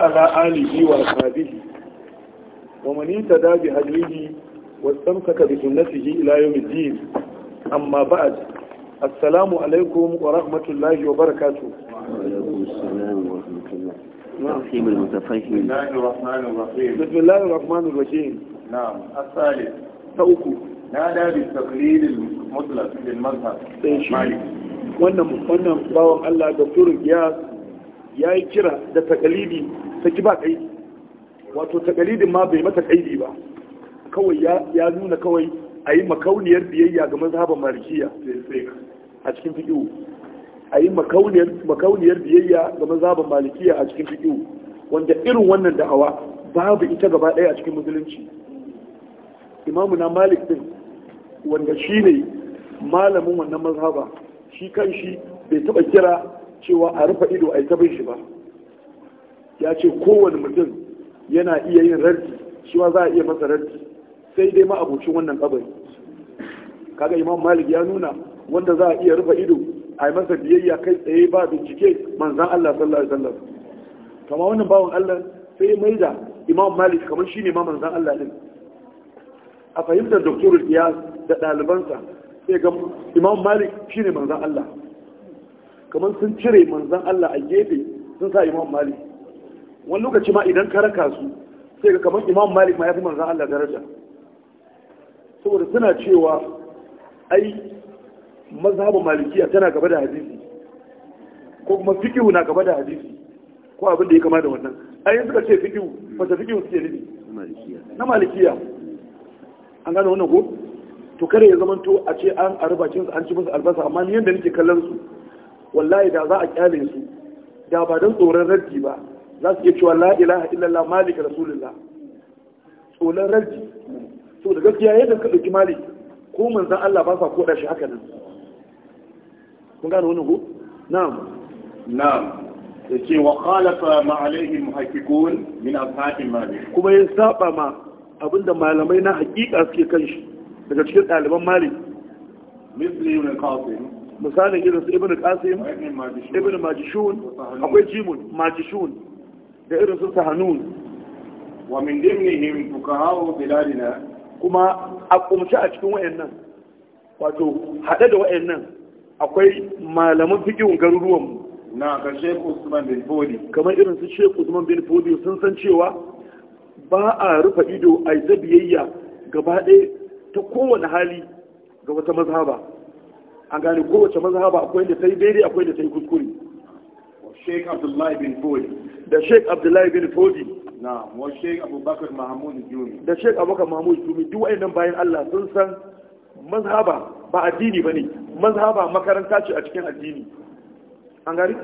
ala alihi wa sahbihi wa man intada bi hadihi wa tsamkaka bi sunnatihi ila yawmiddin amma ba'd assalamu alaikum wa rahmatullahi wa barakatuh wa alaikum assalam wa rahmatullahi wa barakatuh na dabi taqlid al-mutlaq lil mazhab wannan wannan bawon Allah da turu ya ya yi kira da takalidi ki ba kai wato takalidin ma bai mata kaidi ba kawai ya nuna kawai a yi makauniyar biyayya ga mazhaban malikiya a cikin fiƙiwu a yi makauniyar biyayya ga mazhaban malikiya a cikin fiƙiwu wanda irin wannan da'awa babu ita gaba ɗaya a cikin musulunci imamu na malik din wanda shi ne malamin wannan mazhaba shi kan shi bai taɓa kira cewa a rufe ido a yi ta bin shi ba ya ce kowane mutum yana iya yin rarki shi ma za a iya masa rarki sai dai ma abocin wannan kabari kaga imam malik ya nuna wanda za a iya rufe ido a yi masa biyayya kai tsaye ba bincike manzan allah sallallahu alaihi wasallam Kamar wannan bawan allah sai mai da imam malik kamar shi ne ma manzan allah din a fahimtar doktorul iyas da ɗalibansa sai ga imam malik shi ne manzan allah kamar sun cire manzan Allah a gefe sun sa imam malik wani lokaci ma idan ka raka su sai ga kamar imam malik ma ya fi manzan Allah daraja saboda suna cewa ai mazhabin malikiya tana gaba da hadisi ko kuma fikihu na gaba da hadisi ko abin da ya kama da wannan ai suka ce fikihu wata fikihu suke nufi na malikiya an gane wannan ko to kare ya zamanto a ce an arba an ci musu albasa amma ni yanda nake kallon su wallahi da za a kyale su da ba don tsoron raddi ba za su iya cewa la ilaha illallah malik rasulullah tsoron raddi to da gaskiya yadda suka ɗauki malik ko manzan Allah ba sa koda shi haka nan kun gane wani ko na'am na'am ce wa khalafa ma alaihi muhakkikun min ashabi malik kuma ya saba ma abinda malamai na hakika suke kan shi daga cikin ɗaliban malik misli ibn qasim misalin irin su ibn qasim ibn majishun akwai jimun majishun da irin su sahanun wa min dimnihim fuqaha'u biladina kuma a kumce a cikin wayannan wato hade da wayannan akwai malaman fiqhun garuruwan mu na ga Sheikh Usman bin Fodi kamar irin su Sheikh Usman bin Fodi sun san cewa ba a rufe ido a zabiyayya gaba ɗaya ta kowane hali ga wata mazhaba an gane kowace mazhaba akwai da ta yi daidai akwai da ta yi kuskure Sheikh Abdullahi bin Fodi da Sheikh Abdullahi bin Fodi na wa Sheikh Abubakar Mahmud Jumi da Sheikh Abubakar Mahmud Jumi duk wayannan bayan Allah sun san mazhaba ba addini bane mazhaba makaranta ce a cikin addini an gari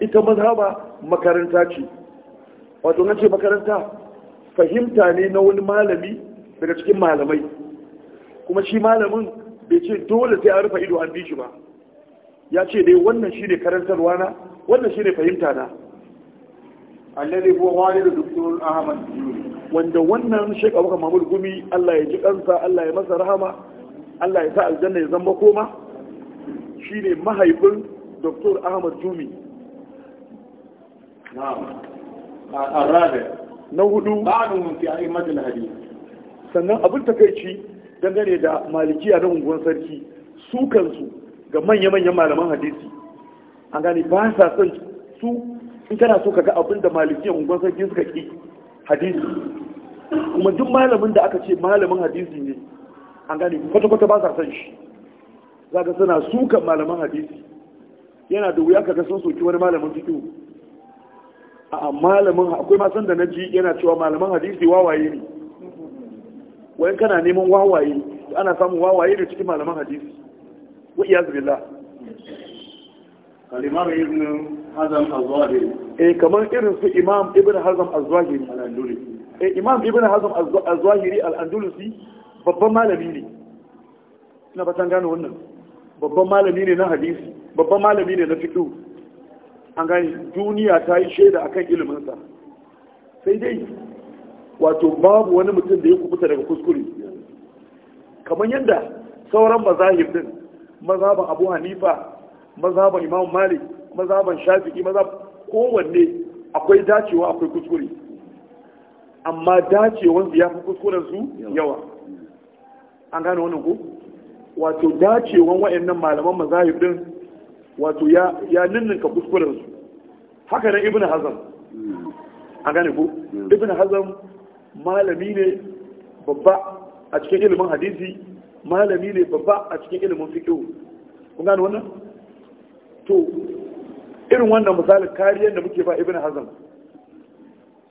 ita mazhaba makaranta ce wato na ce makaranta fahimta ne na wani malami daga cikin malamai kuma shi malamin bai ce dole sai an rufe ido an bi shi ba ya ce dai wannan shi ne karantarwa na wannan shi ne fahimta na allazi huwa wani da ahmad ahamad wanda wannan shekaru abubakar mahmud gumi Allah ya ji kansa Allah ya masa rahama Allah ya sa aljanna ya zamba koma shine mahaifin doktor ahmad jumi na'am a na hudu ba'dun fi a'immatil hadith sannan abin takaici dangane da malikiya na unguwan sarki su kansu ga manya-manyan malaman hadisi an gane ba sa son su in kana so kaga abin da malikiya unguwan sarki suka ki hadisi kuma duk malamin da aka ce malamin hadisi ne an gane kwata-kwata ba sa son shi za ka suna sukan malaman hadisi yana da wuya kaga sun soki wani malamin fito. a malamin akwai masan da na ji yana cewa malaman hadisi wawaye ne wai kana neman wawaye ana samun wawaye da cikin malaman hadisi wa iyaz billah kalimar ibn hazam azwahiri eh kamar irin su imam ibn hazam az al-andalusi eh imam ibn hazam az al-andalusi babban malami ne ina ba san gano wannan babban malami ne na hadisi babban malami ne na fiqh an gani duniya ta yi shaida akan ilimin sa sai dai wato babu wani mutum da ya kubuta daga kuskure kamar yadda sauran mazahib din mazaban abu hanifa mazaban imam malik mazaban shafi'i mazhab kowanne akwai dacewa akwai kuskure amma dacewan su ya fi kuskuren su yawa an gane wannan ko wato dacewan wayannan malaman mazahib din wato ya ya ninninka kuskuren su haka na ibnu hazm an gane ko hmm. ibnu hazm malami ne babba a cikin ilimin hadisi malami ne babba a cikin ilimin fiqh kun gane wannan to irin wannan misalin kariyar da muke ba ibn hazan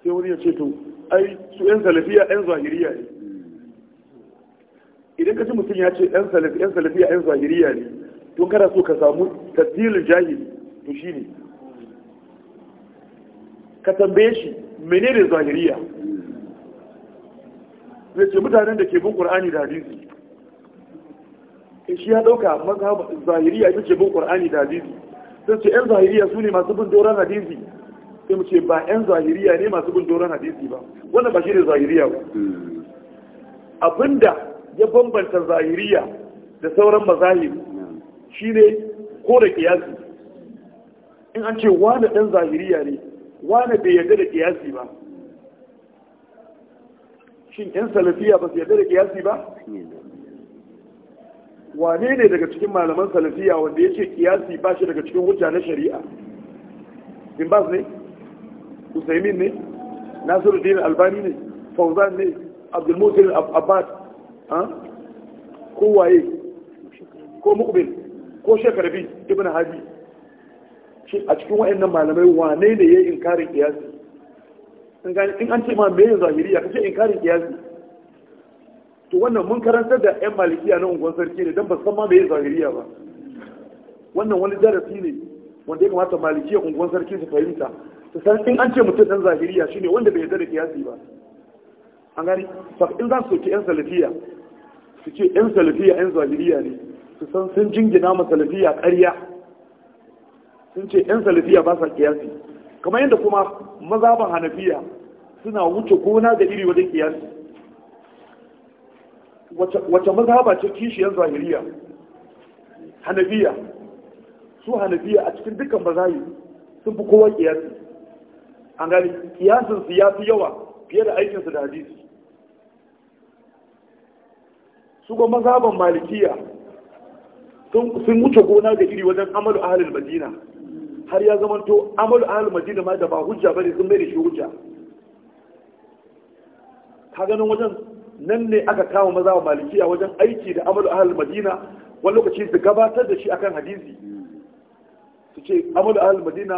sai wani ya ce to ai su yan salafiya yan zahiriya ne idan ka ci mutum ya ce yan yan salafiya yan zahiriya ne to kada so ka samu Tattilin jahili to shine ka tambaye shi menene zahiriya zai ce mutanen da ke bin ƙur'ani da hadisi eh, shi ya ɗauka maza zahiriya ita ce bin ƙur'ani da hadisi sai ce yan zahiriya su ne masu bin doron hadisi sai ce ba yan zahiriya ne masu bin doron hadisi ba wannan ba shi ne zahiriya ba hmm. abinda ya bambanta zahiriya da sauran shi ne ko da kiyasi in an ce wane dan zahiriya ne wane bai yarda da kiyasi ba shin yan salafiya ba su yadda da kiyasi ba wane ne daga cikin malaman salafiya wanda ya ce kiyasi ba shi daga cikin hujja na shari'a bin bas ne usaimin ne nasiru dinin albani ne fauzan ne abdulmutin abbas ko waye ko mukbil ko shekarabi ibn hadi a cikin wa'annan malamai wane ne ya yi inkarin kiyasi in an ce ma me yin zahiriya in inkarin kiyasi to wannan mun karantar da yan malikiya na unguwar sarki ne don ba san ma me yin zahiriya ba wannan wani darasi ne wanda ya kamata malikiya unguwar sarki su fahimta su san in an ce mutum dan zahiriya shine wanda bai yarda da kiyasi ba an gani fa in za su soki yan salafiya su ce yan salafiya yan zahiriya ne su san sun jingina ma salafiya ƙarya sun ce yan salafiya ba sa kiyasi kamar yadda kuma mazaban hanafiya suna wuce gona da iri wajen kiyasi wace ba ce kishiyar zahiriya hanafiya su hanafiya a cikin dukkan mazhabi sun fi kowa kiyasi an gani kiyasinsu ya fi yawa fiye da aikinsu da hadisi su ga ban malikiya sun wuce gona da iri wajen amalu ahalin madina har ya zamanto amal al madina ma da ba hujja bane sun mai da shi hujja ka ganin wajen nan ne aka kama maza wa malikiya wajen aiki da amal al madina wani lokaci su gabatar da shi akan hadisi su ce amal al madina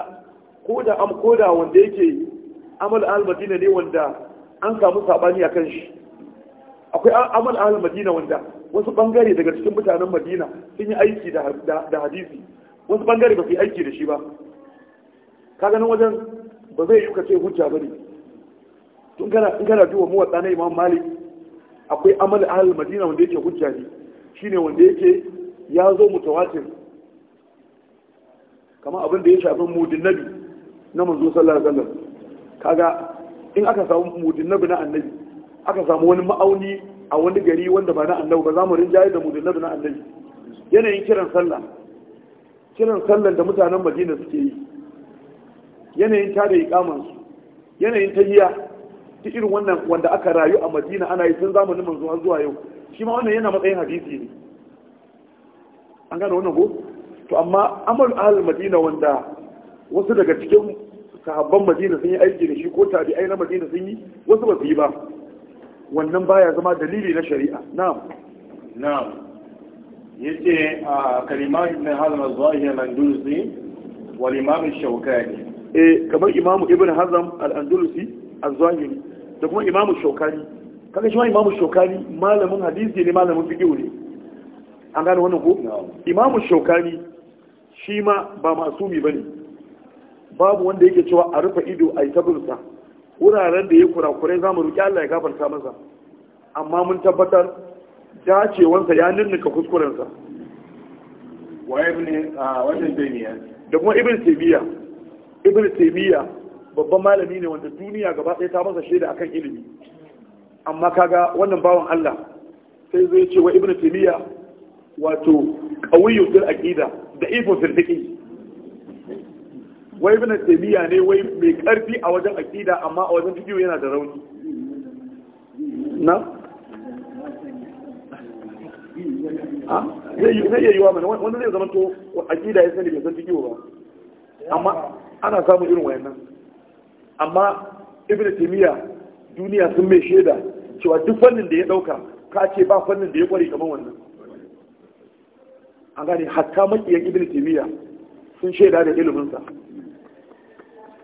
ko da am ko da wanda yake amal ahlul madina ne wanda an samu sabani akan shi akwai amal al madina wanda wasu bangare daga cikin mutanen madina sun yi aiki da hadisi wasu bangare ba su yi aiki da shi ba ka ganin wajen ba zai yi kace hujja ba ne tun kana in kana duba muwatsa na imam malik akwai amal ahlul madina wanda yake hujja ne shine wanda yake ya zo mutawatir kamar abin da ya shafi mudin nabi na manzo sallallahu alaihi wasallam kaga in aka samu mudin nabi na annabi aka samu wani ma'auni a wani gari wanda ba na annabi ba za mu rinjaye da mudin nabi na annabi yanayin kiran sallah kiran sallar da mutanen madina suke yi yanayin tada ikamansu yanayin ta yiya duk irin wannan wanda aka rayu a madina ana yi tun zamanin manzo har zuwa yau shi ma wannan yana matsayin hadisi ne an gane wannan ko to amma amal ahal madina wanda wasu daga cikin sahabban madina sun yi aiki da shi ko tabi'ai na madina sun yi wasu ba su yi ba wannan baya zama dalili na shari'a na'am na'am yace kalimar ibn hazm az-zahir al-andalusi wal imam ash-shawkani eh kamar imam ibn hazm al-andalusi az-zahiri da kuma imam ash-shawkani kaga shi ma imam ash-shawkani malamin hadisi ne malamin fiqh ne an gane wannan ko imam ash-shawkani shi ma ba masumi bane babu wanda yake cewa a rufe ido a yi tabinsa wuraren da ya kurakurai za mu roƙi Allah ya gafarta masa amma mun tabbatar dacewansa ya ninninka kuskurensa da kuma ibn taymiya ibn taymiya babban malami ne wanda duniya gaba ɗaya ta masa shaida akan ilimi amma kaga wannan bawan Allah sai zai ce wa ibn taymiya wato qawiyyu fil aqida da ifo fil fiqh wai ibn taymiya ne wai mai karfi a wajen aqida amma a wajen fiqh yana da rauni na zai iya yi wa mana wanda zai zama to aƙida ya sani bai san fikiyo ba amma ana samun irin wayannan amma ibn taymiya duniya sun mai shaida cewa duk fannin da ya dauka ka ce ba fannin da ya kware kamar wannan an gane hatta makiyan ibn taymiya sun shaida da iliminsa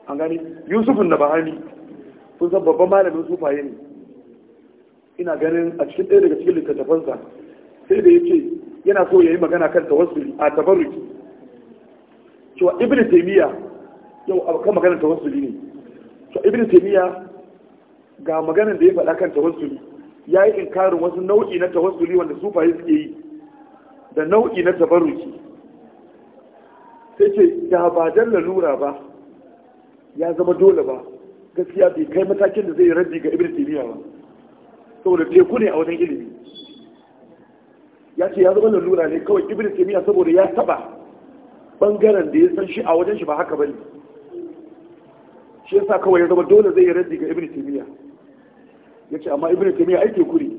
an gane yusufun na bahani sun san babban malamin sufaye ne ina ganin a cikin ɗaya daga cikin littattafansa sai da ce yana so ya yi magana kan tawassuli a tabarruki cewa ibn taymiya yau kan maganar tawassuli ne to ibn taymiya ga maganar da ya faɗa kan tawassuli ya yi inkarin wasu nau'i na tawassuli wanda fahimci suke yi da nau'i na tabarruki sai ce da ba dan lalura ba ya zama dole ba gaskiya bai kai matakin da zai raddi ga ibn taymiya ba saboda teku ne a wajen ilimi ya ce ya zama lalura ne kawai ibn taymiya saboda ya taba bangaren da ya san shi a wajen shi ba haka bane shi yasa kawai ya zama dole zai yi raddi ga ibn taymiya yace amma ibn taymiya ai ke kuri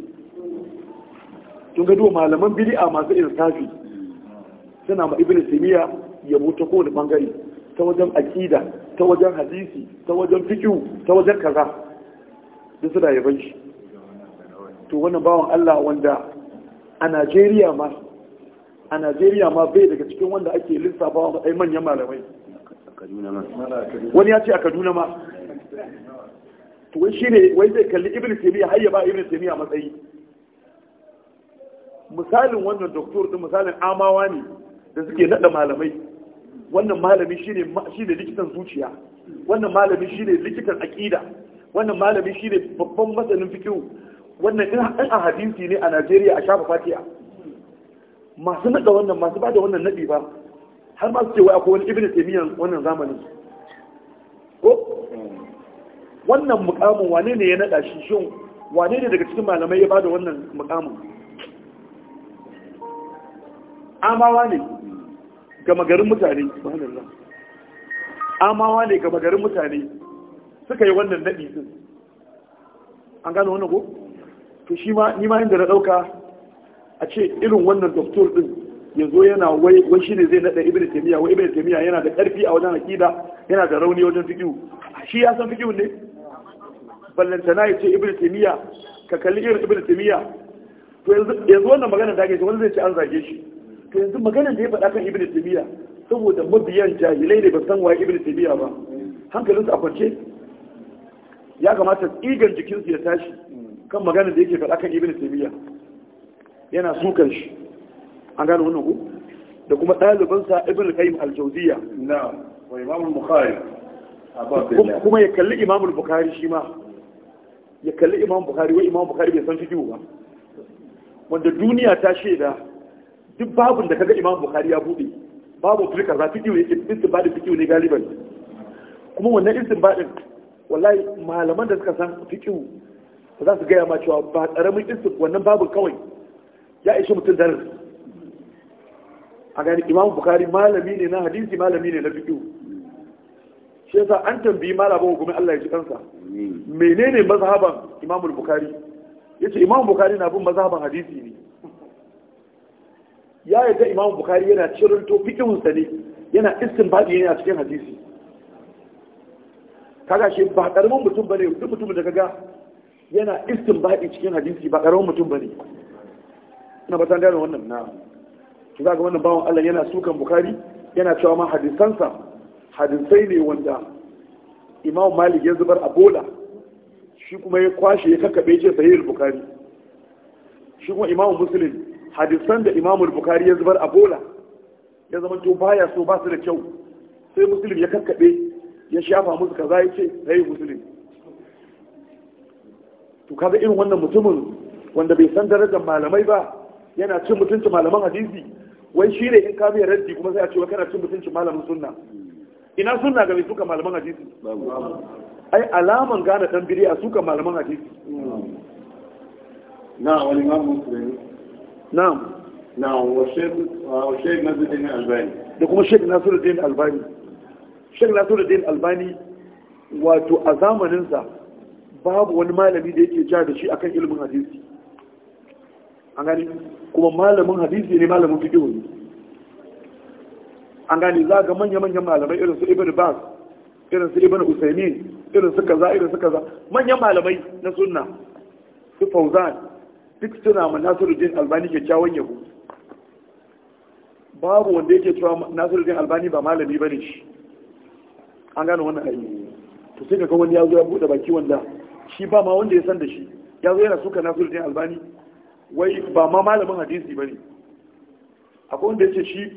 tun ga malaman bid'a masu insafi suna ma ibn taymiya ya mutu kowane bangare ta wajen aqida ta wajen hadisi ta wajen fiqh ta wajen kaza duk suna yaban shi to wannan bawan Allah wanda a najeriya ma a najeriya ma bai daga cikin wanda ake lissafa wa matsayin manyan malamai wani ya ce a kaduna ma to wai shine wai zai kalli ibn taymiya har ya ba ibn taymiya matsayi misalin wannan doktor din misalin amawa ne da suke nada malamai wannan malami shine ne likitan zuciya wannan malami shine likitan akida wannan malami shine babban masanin fikihu wannan in a hadisi ne a najeriya a shafa fatiya masu naɗa wannan masu ba da wannan naɗi ba har ma su ce wai akwai wani ibn taimiyyan wannan zamanin ko wannan mukamin wane ne ya naɗa shi shin wane ne daga cikin malamai ya ba da wannan mukamin amawa ne ga magarin mutane amawa ne ga magarin mutane suka yi wannan naɗi din an gano wannan ko to shi ma ni ma inda na dauka a ce irin wannan doktor din yanzu yana wai wai ne zai nada ibnu taymiya wai ibnu taymiya yana da karfi a wajen aqida yana da rauni wajen fiqh shi ya san fiqh ne ballantana ya ce ibnu taymiya ka kalli irin ibnu taymiya to yanzu wannan magana da ake wani zai ci an zage shi to yanzu magana da ya faɗa kan ibnu taymiya saboda mabiyan jahilai ne ba san waye ibnu taymiya ba hankalinsu a kwance ya kamata tsigan jikinsu ya tashi kan magana da yake faɗa kan ibn taymiya yana sukan shi an gano wannan ku da kuma ɗalibansa ibn qayyim al-jawziya na'am wa imam al-bukhari kuma ya kalli imam al-bukhari shi ma ya kalli imam bukhari wai imam bukhari bai san fiqh ba wanda duniya ta shaida duk babun da kaga imam bukhari ya bude babu fikar za kiwo yake istibadi fiqh ne galiban kuma wannan istibadin wallahi malaman da suka san fiqh za su gaya ma cewa ba ƙaramin isu wannan babu kawai ya ishi mutum darar a gani imam bukari malami ne na hadisi malami ne na fito shi yasa an tambayi wa hukumin allah ya ji kansa menene mazhaban Imam bukari ya ce imam bukari na bin mazhaban hadisi ne ya yadda imam bukari yana cirin to fiƙinsa ne yana istin baɗi ne a cikin hadisi kaga shi ba ƙaramin mutum ba ne duk mutum da ga? yana baɗi cikin hadisi ba ƙaramin mutum ba ne. ina ba ta gane wannan na ki za ga wannan bawan Allah yana sukan bukari yana cewa ma hadisansa hadisai ne wanda imam malik ya zubar a bola shi kuma ya kwashe ya kakkabe ce sahih bukari shi kuma imam muslim hadisan da imam bukari ya zubar a bola ya zama to baya so ba su da kyau sai muslim ya kakkabe ya shafa musu kaza ya ce yi muslim to kaga irin wannan mutumin wanda bai san darajar malamai ba yana cin mutuncin malaman hadisi wai shi ne in ka mai raddi kuma sai a ce kana cin mutuncin malamin sunna ina sunna ga mai suka malaman hadisi ai alaman gane dan biri a suka malaman hadisi na wani mamun kulani na na wa shek nasiruddin albani da kuma shek nasiruddin albani shek nasiruddin albani wato a zamaninsa babu wani malami da yake ja da shi akan ilimin hadisi an gani kuma malamin hadisi ne malamin fiqh ne an gani za ga manya-manyan malamai irin su ibn bas irin su ibn usaimin irin su kaza irin su kaza manyan malamai na sunna su fauzan duk suna ma nasiruddin albani kyakkyawan yabo babu wanda yake cewa nasiruddin albani ba malami ba ne shi an gani wannan ayi to sai ka ga wani ya zo ya bude baki wanda shi ba ma wanda ya san da shi ya zo yana suka nasiruddin albani wai ba ma malamin hadisi ba ne akwai wanda ya ce shi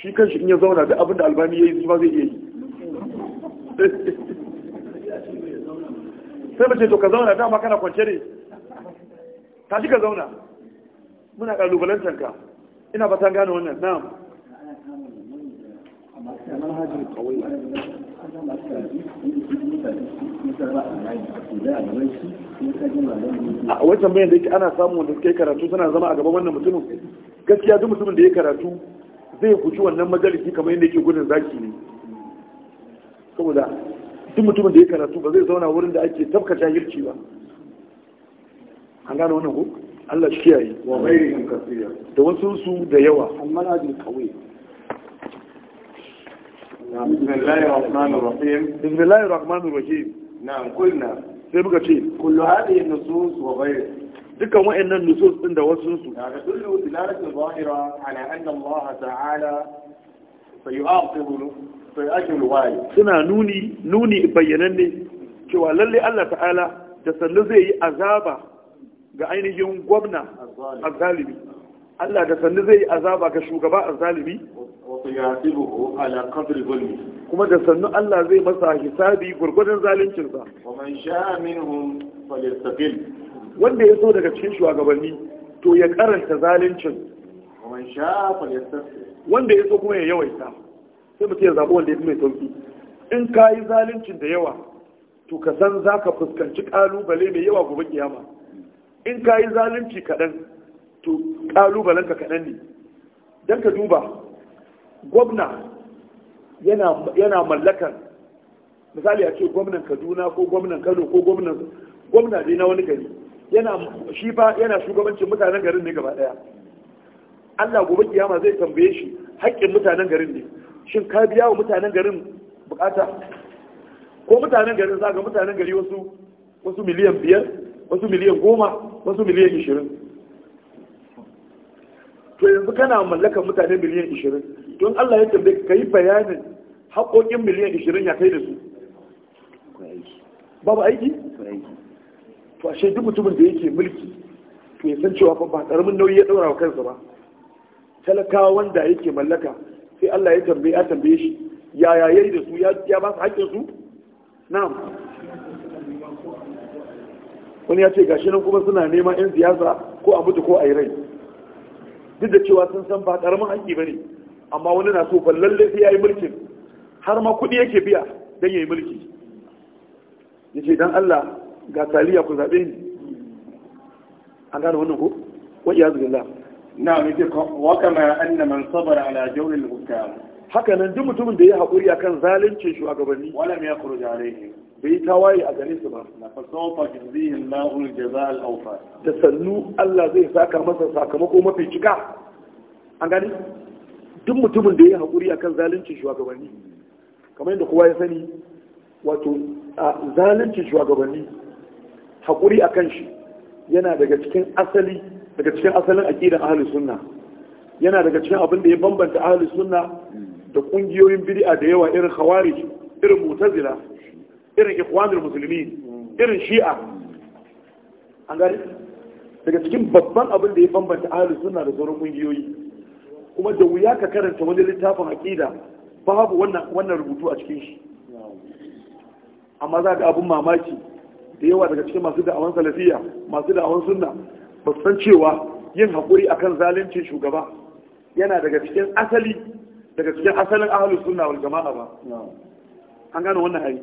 shi kan shi in ya zauna da abin da albani ya yi shi ma zai iya yi sai mace to ka zauna ta dama kana kwance ne ta ji ka zauna muna kalubalantar ka ina ba ta gane wannan na'am a wancan bayan da yake ana samu wanda suka yi karatu suna zama a gaban wannan mutumin gaskiya duk mutumin da ya karatu zai guji wannan majalisi kamar yadda yake gudun zaki ne saboda duk mutumin da ya karatu ba zai zauna wurin da ake tafka jahilci ba an gane wannan ko Allah shi kiyaye wa mai da wasu su da yawa amma na بسم الله الرحمن الرحيم بسم الله الرحمن sai muka ce kullu hadhihi nusus wa dukkan wayannan nusus din da wasu su da kullu dilalatu zahira ala anna Allah ta'ala sayu'aqibu sayu'aqibu wali suna nuni nuni bayyananne cewa lalle Allah ta'ala da sannu zai yi azaba ga ainihin gwamna azzalimi Allah da sannu zai yi azaba ga shugaba a zalibi? kuma da sannu Allah zai masa hisabi gurgudun zalincinsa. wanda ya so daga cikin shugabanni to ya karanta zalincin wanda ya so kuma ya yawaita sai mutum ya zaɓi wanda ya fi mai sauki in ka yi zalincin da yawa to ka san za ka fuskanci ƙalubale mai yawa gobe kiyama in ka yi zalunci kaɗan to ƙalubalenka kaɗan ne don ka duba gwamna yana mallakan misali a ce gwamnan kaduna ko gwamnan kano ko gwamnan gwamna dai na wani gari yana shi fa yana shugabancin mutanen garin ne gaba daya Allah gobe kiyama zai tambaye shi haƙƙin mutanen garin ne shin ka biya wa mutanen garin bukata ko mutanen garin za ga mutanen gari wasu wasu miliyan biyar wasu miliyan goma wasu miliyan ishirin to yanzu kana mallakar mutane miliyan 20 don Allah ya tambaye ka yi bayanin haƙoƙin miliyan 20 ya kai da su babu aiki to ashe duk mutumin da yake mulki to ya san cewa fa ba karamin nauyi ya daura wa kansa ba talakawa wanda yake mallaka sai Allah ya tambaye ya tambaye shi yaya yaye da su ya ba su haƙƙin su na'am wani ya ce gashi nan kuma suna neman 'yan siyasa ko a mutu ko a yi rai duk da cewa sun san ba karamin haƙƙi ne, amma wani na so ban lalle sai yi mulkin har ma kuɗi yake biya don ya yi mulki Ya ce don Allah ga taliya ku zaɓe ni an gane wannan ko wa iyazu billah na'am yake wa kama anna man sabara ala jawril hukam haka nan duk mutumin da ya haƙuri akan zaluncin shugabanni wala ya khuruj alaihi bai yi tawaye a gare su ba na lahul jaza al'aufa da sannu Allah zai saka masa sakamako mafi cika an gani duk mutumin da ya haƙuri akan zalunci shugabanni kamar yadda kowa ya sani wato a zalunci shugabanni haƙuri akan shi yana daga cikin asali daga cikin asalin aƙidan ahli sunna yana daga cikin abin da ya bambanta ahli sunna da ƙungiyoyin bid'a da yawa irin khawarij irin mutazila irin ikhwanul musulmi irin shi'a an gari daga cikin babban abin da ya bambanta ahli sunna da sauran kungiyoyi kuma da wuya ka karanta wani littafin aqida babu wannan wannan rubutu a cikin shi amma za ga abin mamaki da yawa daga cikin masu da'awan salafiya masu da'awan sunna ba san cewa yin haƙuri akan zalincin shugaba yana daga cikin asali daga cikin asalin ahli sunna wal jama'a ba an gano wannan hari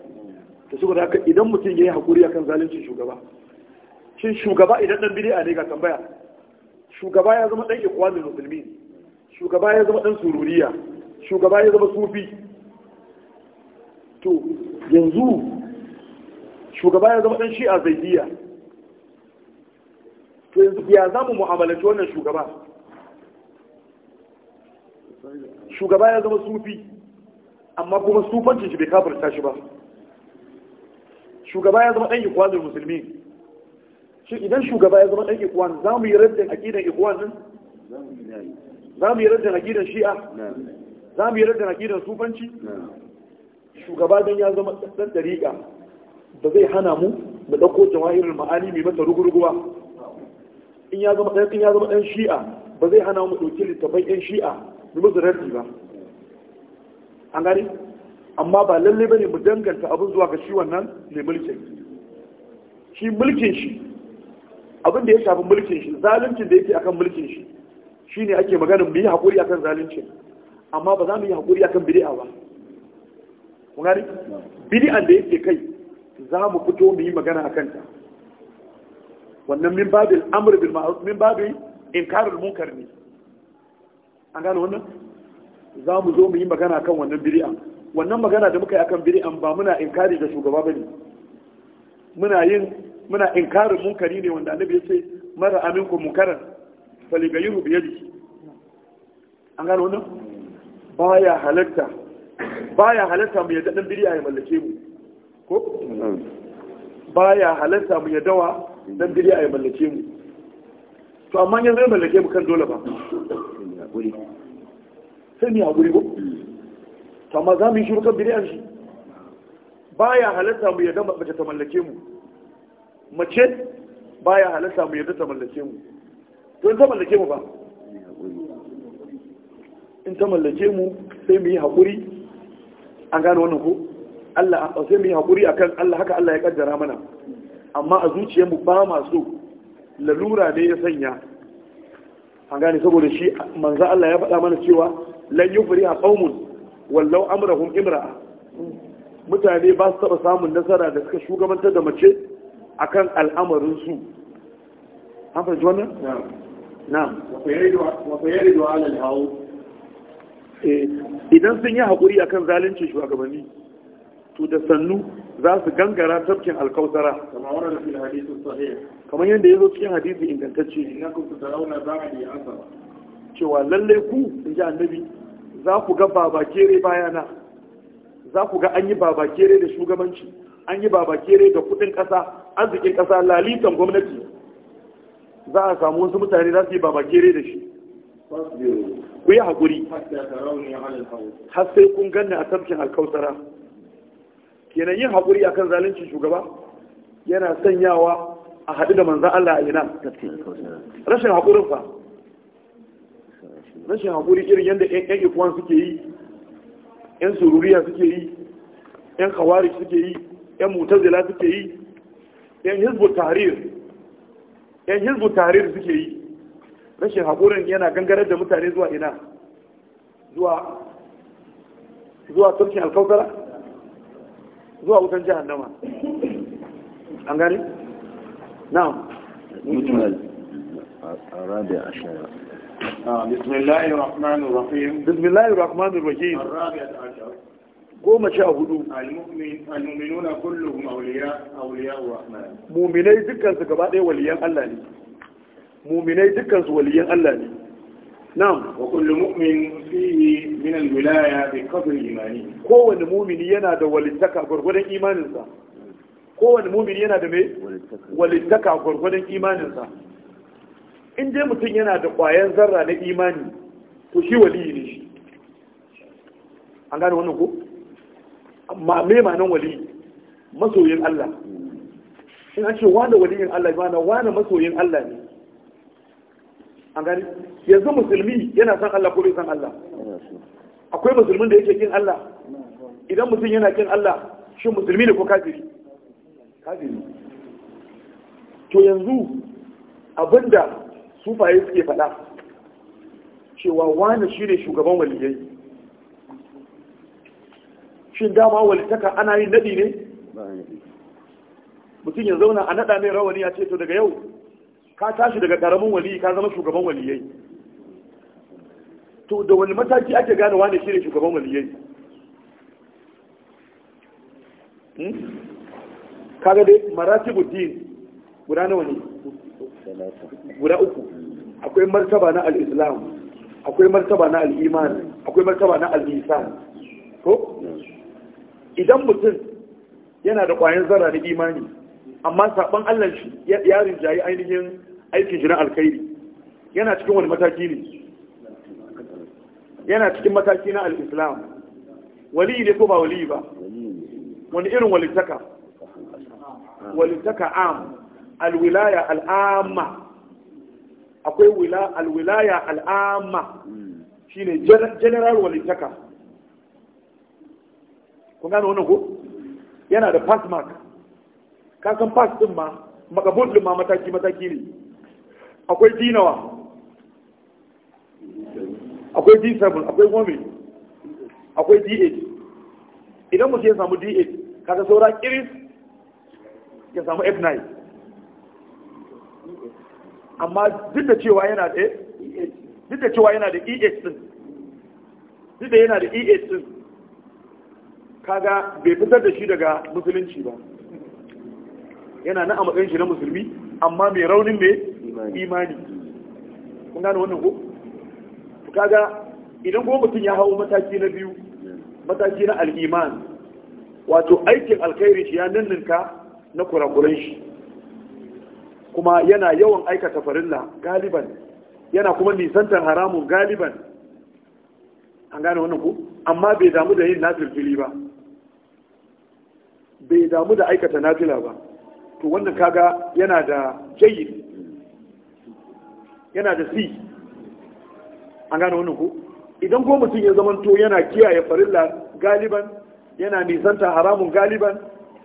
Da suka haka idan mutum ya yi haƙuri akan zalincin shugaba shin shugaba idan dan bid'a ne ga tambaya shugaba ya zama ɗan ikwamul musulmi shugaba ya zama ɗan sururiya shugaba ya zama sufi to yanzu shugaba ya zama ɗan shi a zaidiya to yanzu ya zamu mu'amalanci wannan shugaba shugaba ya zama sufi amma kuma sufancin shi bai kafirta shi ba shugaba ya zama ɗan ikwanin musulmi shi idan shugaba ya zama ɗan ikwan za mu yi raddin aƙidan ikwan za mu yi raddin aƙidan shi'a za mu yi raddin aƙidan sufanci shugaba don ya zama ɗan ɗariƙa ba zai hana mu da ɗauko jawahirin ma'ani mai mata rugurguwa in ya zama ɗan ya zama ɗan shi'a ba zai hana mu ɗauki littafai ɗan shi'a mu musu raddi ba an gani amma ba lalle bane mu danganta abin zuwa ga shi wannan mai mulkin shi mulkin shi abin da ya shafi mulkin shi zaluncin da yake akan mulkin shi shine ake maganin mu yi hakuri akan zaluncin amma ba za mu yi hakuri akan bid'a ba kun gani bid'a da yake kai za mu fito mu yi magana akan ta wannan min babil amr bil ma'ruf min babil inkarul munkar ne an gane wannan za mu zo mu yi magana akan wannan bid'a wannan magana da muka yi akan bid'an ba muna inkari da shugaba bane muna yin muna inkarin munkari ne wanda annabi ya ce mara aminku munkaran ya jiki, an gano wannan baya halatta baya halatta mu yadda dan bid'a ya mallake mu ko baya halatta mu yadawa dan bid'a ya mallake mu to amma yanzu ya mallake mu kan dole ba sai ni a guri ko to amma za mu yi shiru kan bid'ar shi ya halatta mu yadda mace ta mallake mu mace ba ya halatta mu yadda ta mallake mu to in ta mallake mu ba in ta mallake mu sai mu yi haƙuri an gane wannan ko Allah sai mu yi haƙuri akan Allah haka Allah ya kaddara mana amma a zuciyar mu ba ma so lalura ne ya sanya an gane saboda shi manzo Allah ya faɗa mana cewa lan yufri a qaumun wallau amrahum imra'a mutane ba su taba samun nasara da suka shugabantar da mace akan al'amarin su an fahimci wannan na'am wa fayaridu ala al Eh idan sun yi haƙuri akan zalincin shugabanni to da sannu za su gangara tafkin alkautara kamar yadda ya zo cikin hadisi ingantacce cewa lallai ku in ji annabi za ku ga babakere bayana za ku ga an yi babakere da shugabanci an yi babakere da kudin kasa arzikin kasa lalitan gwamnati za a samu wasu mutane za su yi babakere da shi ku yi haƙuri har sai kun ganna a tafkin alkautara kenan yin haƙuri akan zalunci shugaba yana sanyawa a haɗu da manzan Allah a yana rashin haƙurin fa rashin haƙuri irin yadda 'yan ikuwan suke yi 'yan sururiya suke yi 'yan kawari suke yi 'yan mutazila suke yi 'yan hizbu tarir 'yan hizbu tarir suke yi rashin haƙurin yana gangarar da mutane zuwa ina zuwa zuwa turkin alkautara zuwa wutan nama an gani? na'am mutuwal a rabia بسم الله الرحمن الرحيم بسم الله goma sha hudu almuminuna kulluhum awliya awliya rahman muminai dukkan gaba ɗaya waliyan Allah ne muminai dukkan waliyan Allah ne na'am wa mu'min fihi min alwilaya bi qadri imani kowanne mumini kowanne mumini yana da me walittaka imaninsa in dai mutum yana da ƙwayan zarra na imani to shi waliyi ne shi an gane wannan ko amma me manan nan waliyi masoyin Allah in an ce wani waliyin Allah ba na wani masoyin Allah ne an gani yanzu musulmi yana san Allah ko bai san Allah akwai musulmin da yake kin Allah idan mutum yana kin Allah shi musulmi ne ko kafiri kafiri to yanzu abinda sufaye suke faɗa cewa wani shi ne shugaban waliyai shin dama walitaka ana yin naɗi ne mutum ya zauna a naɗa mai rawani ya ce to daga yau ka tashi daga ƙaramin waliyai ka zama shugaban waliyai to da wani mataki ake gane wani shi ne shugaban waliyai hmm? kaga dai maratibu din guda wani? ne guda uku akwai martaba na al'islam, akwai martaba na al'imani, akwai martaba na al’isan ko idan mutum yana da ƙwayan zara na imani amma saban Allah shi ya rinjayi ainihin aikin shi na alkhairi yana cikin wani mataki ne yana cikin mataki na al’islam wali ne ko ba wali ba wani irin walittaka walittaka am alwilaya al'amma akwai alwilaya al'amma shine general walitaka kun gano wannan ko yana da pass mark ka san pass din ma makabul ma mataki mataki ne akwai dinawa akwai d7 akwai gome akwai d8 idan mutum ya samu d8 kaga saura kiris ya samu f9 amma duk da cewa yana da duk da cewa yana da EH din duk da yana da EH din kaga bai fitar da shi daga musulunci ba yana na a matsayin shi na musulmi amma mai raunin mai imani kun gane wannan ko kaga idan kuma mutum ya hau mataki na biyu mataki na al'iman wato aikin alkhairi shi ya ninninka na kurakuran shi kuma yana yawan aikata farilla galiban yana kuma nisantar haramun galiban an gane wannan ku amma bai damu da yin nafil fili ba bai damu da aikata nafila ba to wannan kaga yana da jayyid yana da si an gane wannan ku idan ko mutum ya to yana kiyaye farilla galiban yana nisantar haramun galiban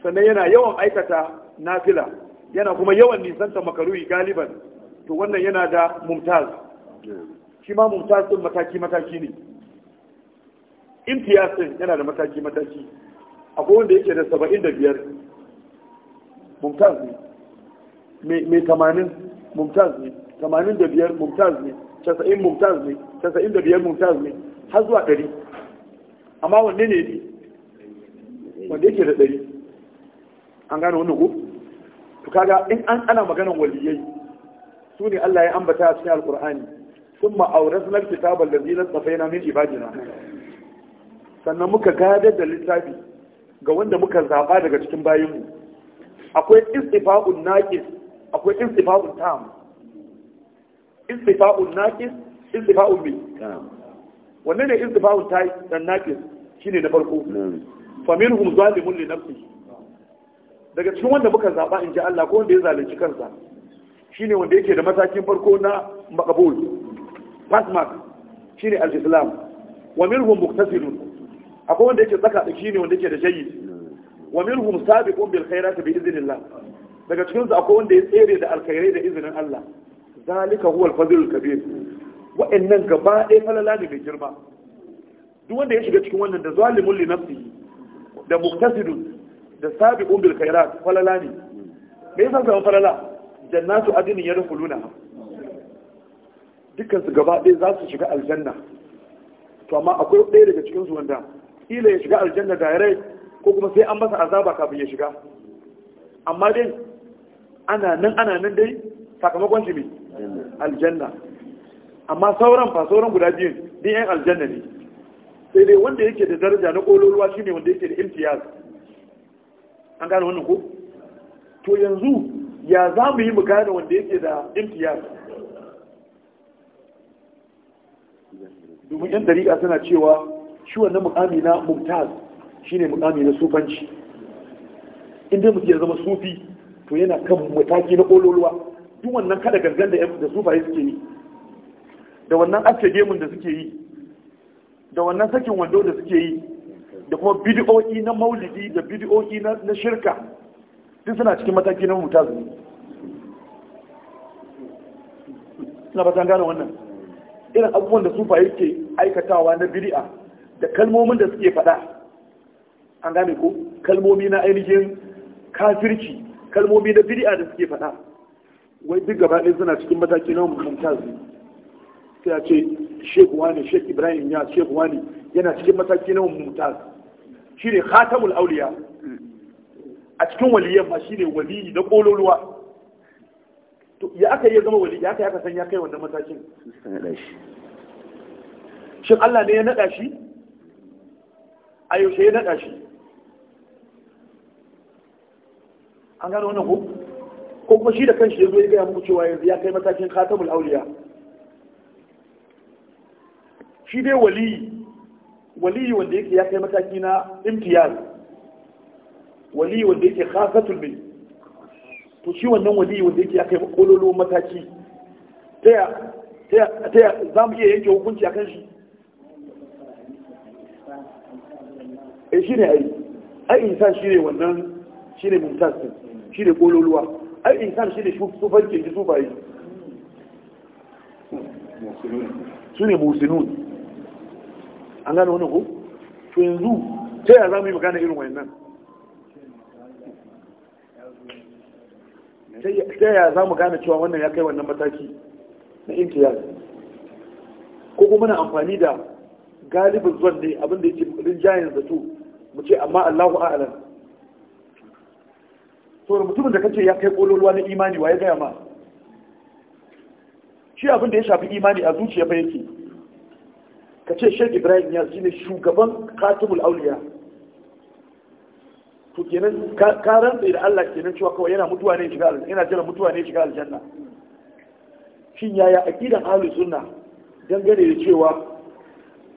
sannan yana yawan aikata nafila yana kuma yawan nisanta makaruhi galiban to wannan yana da mumtaz shi ma mumtaz din mataki mataki ne imtiyaz din yana da mataki mataki akwai wanda yake da saba'in da biyar mumtaz ne mai tamanin mumtaz ne tamanin da biyar mumtaz ne casa'in mumtaz ne casa'in da biyar mumtaz ne har zuwa ɗari amma wanne ne wanda yake da ɗari an gane wannan ko? to kaga in an ana maganan waliyai su ne Allah ya ambata a cikin alkur'ani sun ma'auratunar kitabar da zinar tsafaina min ibadina sannan muka gadar da littafi ga wanda muka zaɓa daga cikin bayinmu akwai istifa'un naqis akwai istifa'un tam istifa'un naqis istifa'un bi Wannan ne istifa'un tam naqis shine na farko faminhum zalimun li nafsihi daga cikin wanda muka zaba in ji Allah ko wanda ya zalunci kansa shine wanda yake da matakin farko na makabul pasmark shine al-islam wa minhum muqtasidun akwai wanda yake tsaka tsaki ne wanda yake da jayyid wa minhum sabiqun bil khairati bi idhnillah daga cikin su akwai wanda ya tsere da alkhairai da izinin Allah zalika huwa al Wa kabir wa'annan gaba ɗaya falala ne mai girma duk wanda ya shiga cikin wannan da zalimun li nafsihi da muqtasidun da sabi umbil kaira falala ne me yasa zama falala jannatu ya yadkhuluna dukkan su gaba ɗaya za su shiga aljanna to amma akwai ɗaya daga cikin su wanda Ila ya shiga aljanna da rai, ko kuma sai an masa azaba kafin ya shiga amma dai ana nan ana nan dai sakamakon shi ne aljanna amma sauran fa sauran guda biyu din yan aljanna ne sai dai wanda yake da daraja na kololuwa shine wanda yake da imtiyaz an gane wannan ko to yanzu ya za mu yi mu gane wanda yake da imtiyar domin yan dariƙa suna cewa shi wannan mukami na mumtaz shi ne mukami na sufanci inda mutum ya zama sufi to yana kan mataki na ƙololuwa duk wannan kada gangan da sufaye suke yi da wannan aske gemun da suke yi da wannan sakin wando da suke yi da kuma bidiyo'i na maulidi da bidiyo'i na shirka duk suna cikin mataki na mutazili suna ba gane wannan irin abubuwan da sufa yake aikatawa na bidi'a da kalmomin da suke faɗa an gane ko kalmomi na ainihin kafirci kalmomi na bidi'a da suke faɗa wai duk gaba ɗaya suna cikin mataki na mutu sai a ce shekuwa ne shek ibrahim ya shekuwa ne yana cikin mataki na mutazili shine khatamul auliya a cikin waliyan ma shine waliyi da kololuwa to ya aka yi zama wali ya aka yaka san ya kai wannan matakin shin Allah ne ya nada shi a yaushe ya nada shi an gano wannan ko ko kuma shi da kanshi ya zo ya gaya muku cewa yanzu ya kai matakin khatamul auliya shi dai waliyi waliyi wanda yake ya kai mataki na imtiyaz waliyi wanda yake khasatul bil to shi wannan waliyi wanda yake ya kai kololo mataki taya taya taya zamu iya yanke hukunci a kan shi eh shi ne ai ai insan shi ne wannan shi ne mumtaz shi ne kololuwa ai insan shi ne sufanke ji sufaye su ne musinun an gane wani ko to yanzu ta yaya za mu yi magana irin nan ta yaya za mu gane cewa wannan ya kai wannan mataki na imtiyaz ko kuma na amfani da galibin zuwan ne abinda yake rinjayen zato mu ce amma Allahu a'lam to mutumin da kace ya kai kololuwa na imani wa ya gaya ma shi abin da ya shafi imani a zuciya fa yake ka ce shek ibrahim ya shi ne shugaban katimul auliya to kenan ka rantsa da Allah kenan cewa kawai yana mutuwa ne shiga yana jira mutuwa ne shiga aljanna shin yaya aqidan ahlus sunna dangane da cewa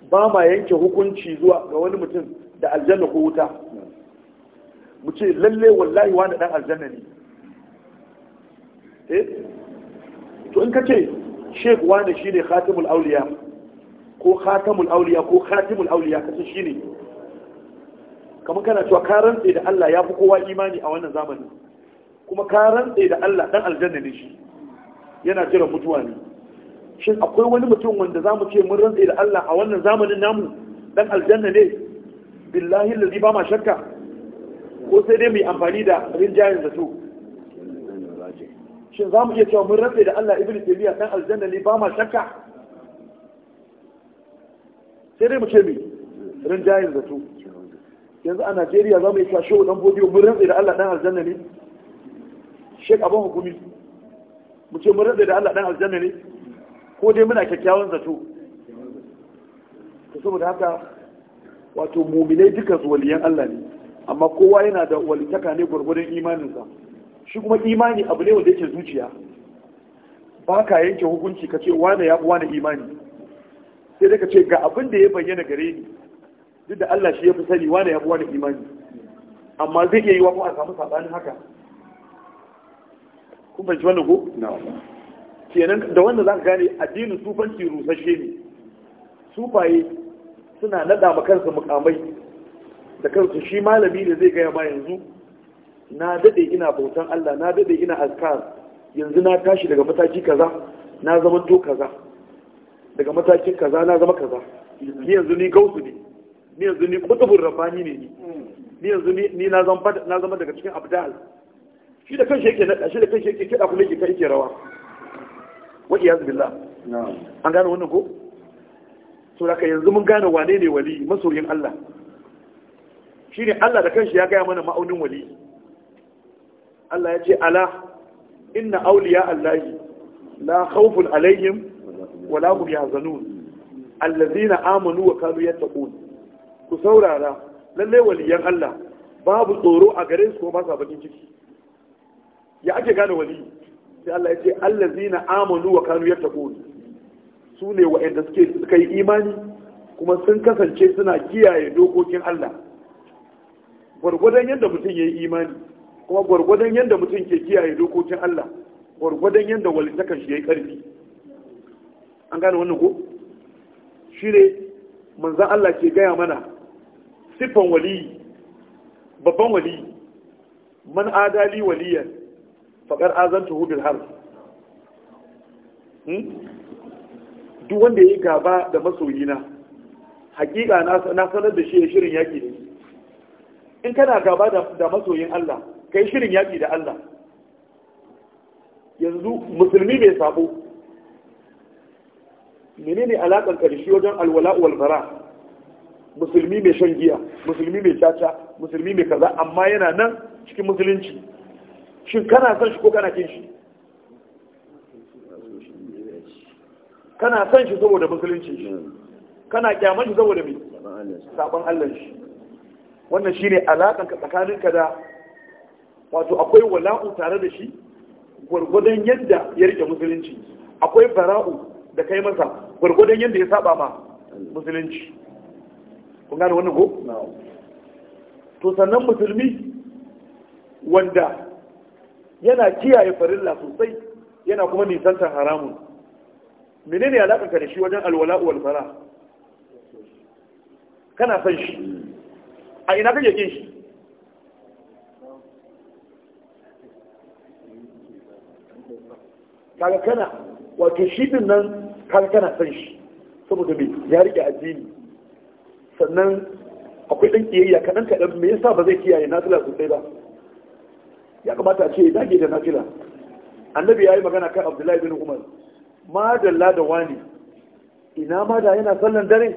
ba ma yanke hukunci zuwa ga wani mutum da aljanna ko wuta mu ce lalle wallahi wani dan aljanna ne eh to in ka ce shek wani shine khatimul auliya ko khatamul auliya ko khatimul auliya kasu shine kamar kana cewa ka rantse da Allah ya fi kowa imani a wannan zamanin kuma ka rantse da Allah dan aljanna ne shi yana jiran mutuwa ne shin akwai wani mutum wanda za mu ce mun rantse da Allah a wannan zamanin namu dan aljanna ne billahi lazi ba ma shakka ko sai dai mai amfani da rinjayen zato shin za mu iya cewa mun rantse da Allah ibnu taymiya dan aljanna ne ba ma shakka sai dai mu ce mai rinjayen zato yanzu a najeriya za mu yi kwashe wa ɗan bodiyo mun rantsa da allah ɗan aljanna ne shek abin hukumi mu ce mun rantsa da allah ɗan aljanna ne ko dai muna kyakkyawan zato saboda haka wato muminai duka su waliyan allah ne amma kowa yana da walitaka ne gwargwadon imaninsa shi kuma imani abu ne wanda yake zuciya ba ka yanke hukunci ka ce wane ya wane imani sai daga ce ga abin da ya bayyana gare ni duk da Allah shi ya fi sani wani ya fi wani imani amma zai iya yi wa kuma a samu saɓanin haka kun fahimci wannan ko kenan da wanda za ka gane addinin sufanci rusashe ne sufaye suna naɗa ma kansa mukamai da kansu shi malami da zai gaya ma yanzu na dade ina bautan Allah na dade ina azkar yanzu na tashi daga mataki kaza na to kaza daga matakin kaza na zama kaza ni yanzu ni gausu ne ni yanzu ni kutubun rabbani ne ni ni yanzu ni na zama daga cikin abdal shi da kanshi yake nada shi da kanshi yake kida kuma yake kai yake rawa wa iyaz billah an gane wannan ko to da yanzu mun gane wane ne wali masoyin Allah shi ne Allah da kanshi ya gaya mana ma'aunin wali Allah ya ce ala inna awliya allahi la khawfun alaihim wala ya zanu allazina amanu wa kanu yattaqun ku saurara lalle waliyan Allah babu tsoro a gare su ko ba sa bakin ciki ya ake gane wali sai Allah ya ce allazina amanu wa kanu yattaqun su ne wa'anda suke suka yi imani kuma sun kasance suna kiyaye dokokin Allah gwargwadon yadda mutum ya yi imani kuma gwargwadon yadda mutum ke kiyaye dokokin Allah gwargwadon yadda walitakan shi ya yi ƙarfi an gane wannan ko shi ne manzan Allah ke gaya mana siffan waliyi babban waliyi man adali waliyan faƙar azanta hudul har hmm? duk wanda ya yi gaba da masoyina hakika na sanar da shi ya shirin yaƙi ne in kana gaba da masoyin Allah ka yi shirin yaƙi da Allah yanzu musulmi mai sabo menene alaƙar ƙarshe wajen alwala wal bara musulmi mai shan giya musulmi mai caca musulmi mai kaza amma yana nan cikin musulunci shin kana son shi ko kana kin shi kana son shi saboda musulunci shi kana kyaman shi saboda mai sabon Allah shi wannan shine alakan ka tsakanin ka da wato akwai wala'u tare da shi gwargwadon yadda ya rike musulunci akwai bara'u da kai masa gwargwadon yadda ya saba ma musulunci kun gane wannan ko to sannan musulmi wanda yana kiyaye farilla sosai yana kuma nisantar haramun menene alaƙa ka da shi wajen alwala wal fara kana san shi a ina kake kin shi kaga kana wato shi din nan kan kana san shi saboda mai ya rike addini sannan akwai ɗan kiyayya kaɗan-kaɗan me yasa ba zai kiyaye nafila sosai ba ya kamata a ce ya dage da nafila annabi ya yi magana kan abdullahi bin umar ma da da wani ina ma da yana sallan dare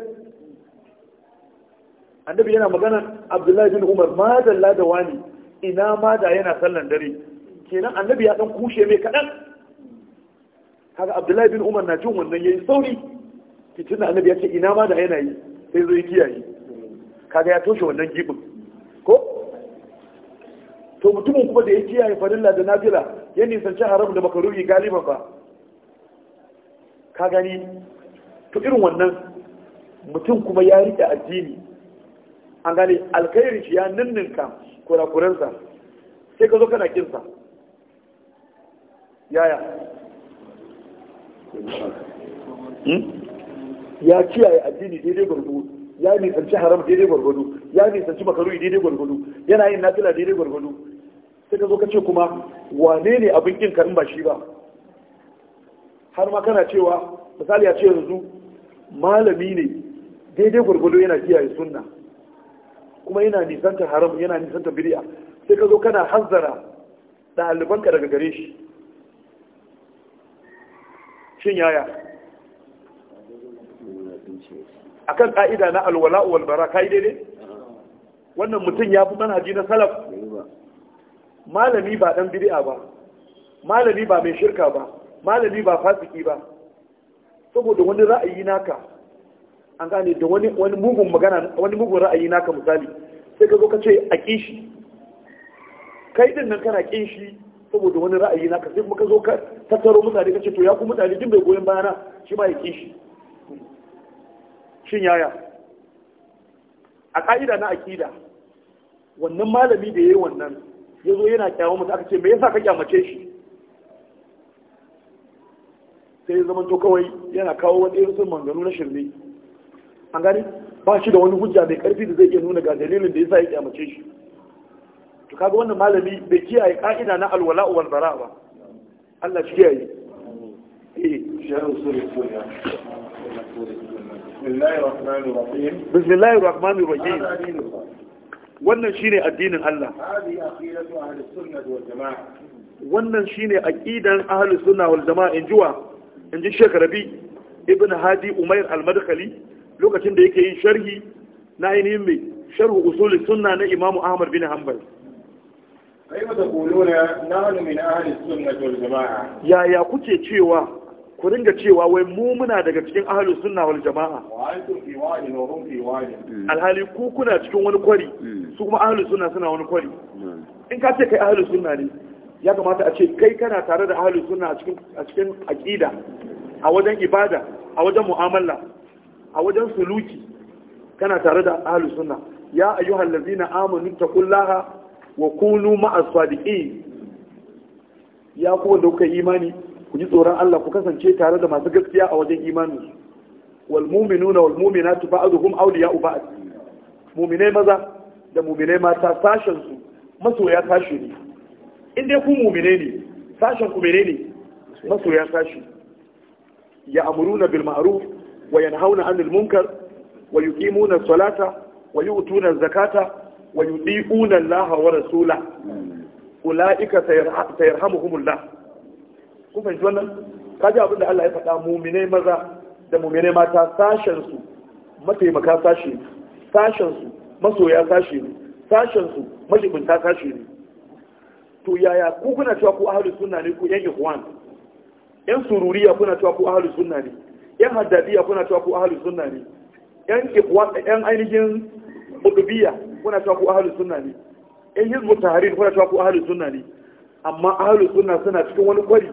annabi yana magana abdullahi bin umar ma da da wani ina ma da yana sallan dare kenan annabi ya ɗan kushe mai kaɗan? kaga abdullahi bin umar na jin wannan yayi sauri titin da annabi ya ce ina ma da yana yi sai zo kiyaye kaga ya toshe wannan gibin ko to mutumin kuma da ya kiyaye fadilla da nafila ya nisanci haram da makaruri galiba ba ka gani to irin wannan mutum kuma ya riƙe addini an gane alkhairi shi ya ninninka kurakuransa sai ka zo kana kinsa yaya Hmm? ya kiyaye addini daidai gwargwado ya nisanci haram daidai gwargwado ya nisanci makaruri daidai gwargwado yana yin nafila daidai gwargwado sai ka zo ka ce kuma wane ne abin kin karin ba shi ba har ma kana cewa misali ya ce yanzu malami ne daidai gwargwado yana kiyaye sunna kuma yana nisanta haram yana nisanta bid'a sai ka zo kana hanzara ɗalibanka daga gare shi shin yaya akan ka'ida na alwala wal bara kai daidai wannan mutum ya fi manhaji na salaf malami ba dan bid'a ba malami ba mai shirka ba malami ba fasiki ba saboda wani ra'ayi naka an gane da wani wani mugun magana wani mugun ra'ayi naka misali sai ka zo ka ce a kishi kai din nan kana ƙin shi saboda wani ra'ayi na sai kuma ka zo ka tattaro mutane ka ce to ya ku mutane din bai goyon bayana shi ma ya kishi shin yaya a ka'ida na akida wannan malami da yayi wannan ya zo yana kyawun mutum aka ce me yasa ka kyamace shi sai ya zamanto kawai yana kawo wani irin manganu na shirme an gani ba shi da wani hujja mai karfi da zai iya nuna ga dalilin da yasa ya kyamace shi to kaga wannan malami bai kiyaye ka'ida na alwala wal bara ba Allah shi kiyaye eh bismillahir rahmanir rahim wannan shine addinin Allah wannan shine aqidan ahlus sunna wal jamaa in jiwa in ji Sheikh Rabi ibn Hadi Umair al-Madkhali lokacin da yake yin sharhi na ainihin mai sharhu usul sunna na Imam Ahmad bin Hanbal yaya kuke cewa ku ringa cewa wai mu muna daga cikin ahlus sunna wal jama'a alhali ku kuna cikin wani kwari su kuma ahlus sunna suna wani kwari in ka ce kai ahlus sunna ne ya kamata a ce kai kana tare da ahlus sunna a cikin a cikin aqida a wajen ibada a wajen mu'amala a wajen suluki kana tare da ahlus sunna ya ayyuhallazina amanu taqullaha wa kunu ma'as sadiqin ya ku wanda kuka imani ku ji tsoron Allah ku kasance tare da masu gaskiya a wajen imani wal mu'minuna wal mu'minatu ba'dhum awliya'u ba'd mu'minai maza da mu'minai mata sashen su masoya tashi ne in dai ku mu'minai ne sashen ku menene masoya tashi ya amuruna bil ma'ruf wa yanhauna 'anil munkar wa yuqimuna as-salata wa yu'tuna az-zakata wa yudi'una Allah wa rasula ulaika sayarhamuhumullah ku fahimci wannan kaji abin da Allah ya faɗa muminai maza da mumine mata sashen su mataimaka sashe ne. sashen su masoya sashe ne sashen su majibinta sashe ne to yaya ku kuna cewa ku ahlus sunna ne ku yan ikhwan yan sururiya kuna cewa ku ahlus sunna ne yan haddadiya kuna cewa ku ahlus sunna ne yan ikhwan yan ainihin udubiya kuna cewa ku ahlus sunna ne in hizbut tahrir kuna cewa ku ahlus sunna ne amma ahlus sunna suna cikin wani kwari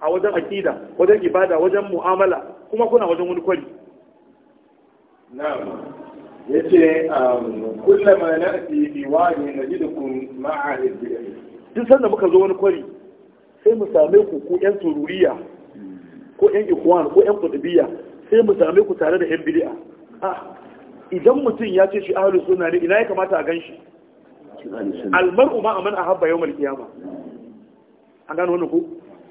a wajen akida wajen ibada wajen mu'amala kuma kuna wajen wani kwari na'am yace um, kullama na'ti bi wani najidukum ma'a ibdihi duk sanda muka zo wani kwari sai mu same ku hmm. ko yan sururiya ko yan ikhwan ko yan qutbiyya sai mu same ku tare da yan bid'a ah idan mutum ya ce shi ahlus suna ne ina ya kamata a gan ganshi almar'u ma aman ahabba yau kiyama. an gano wani ko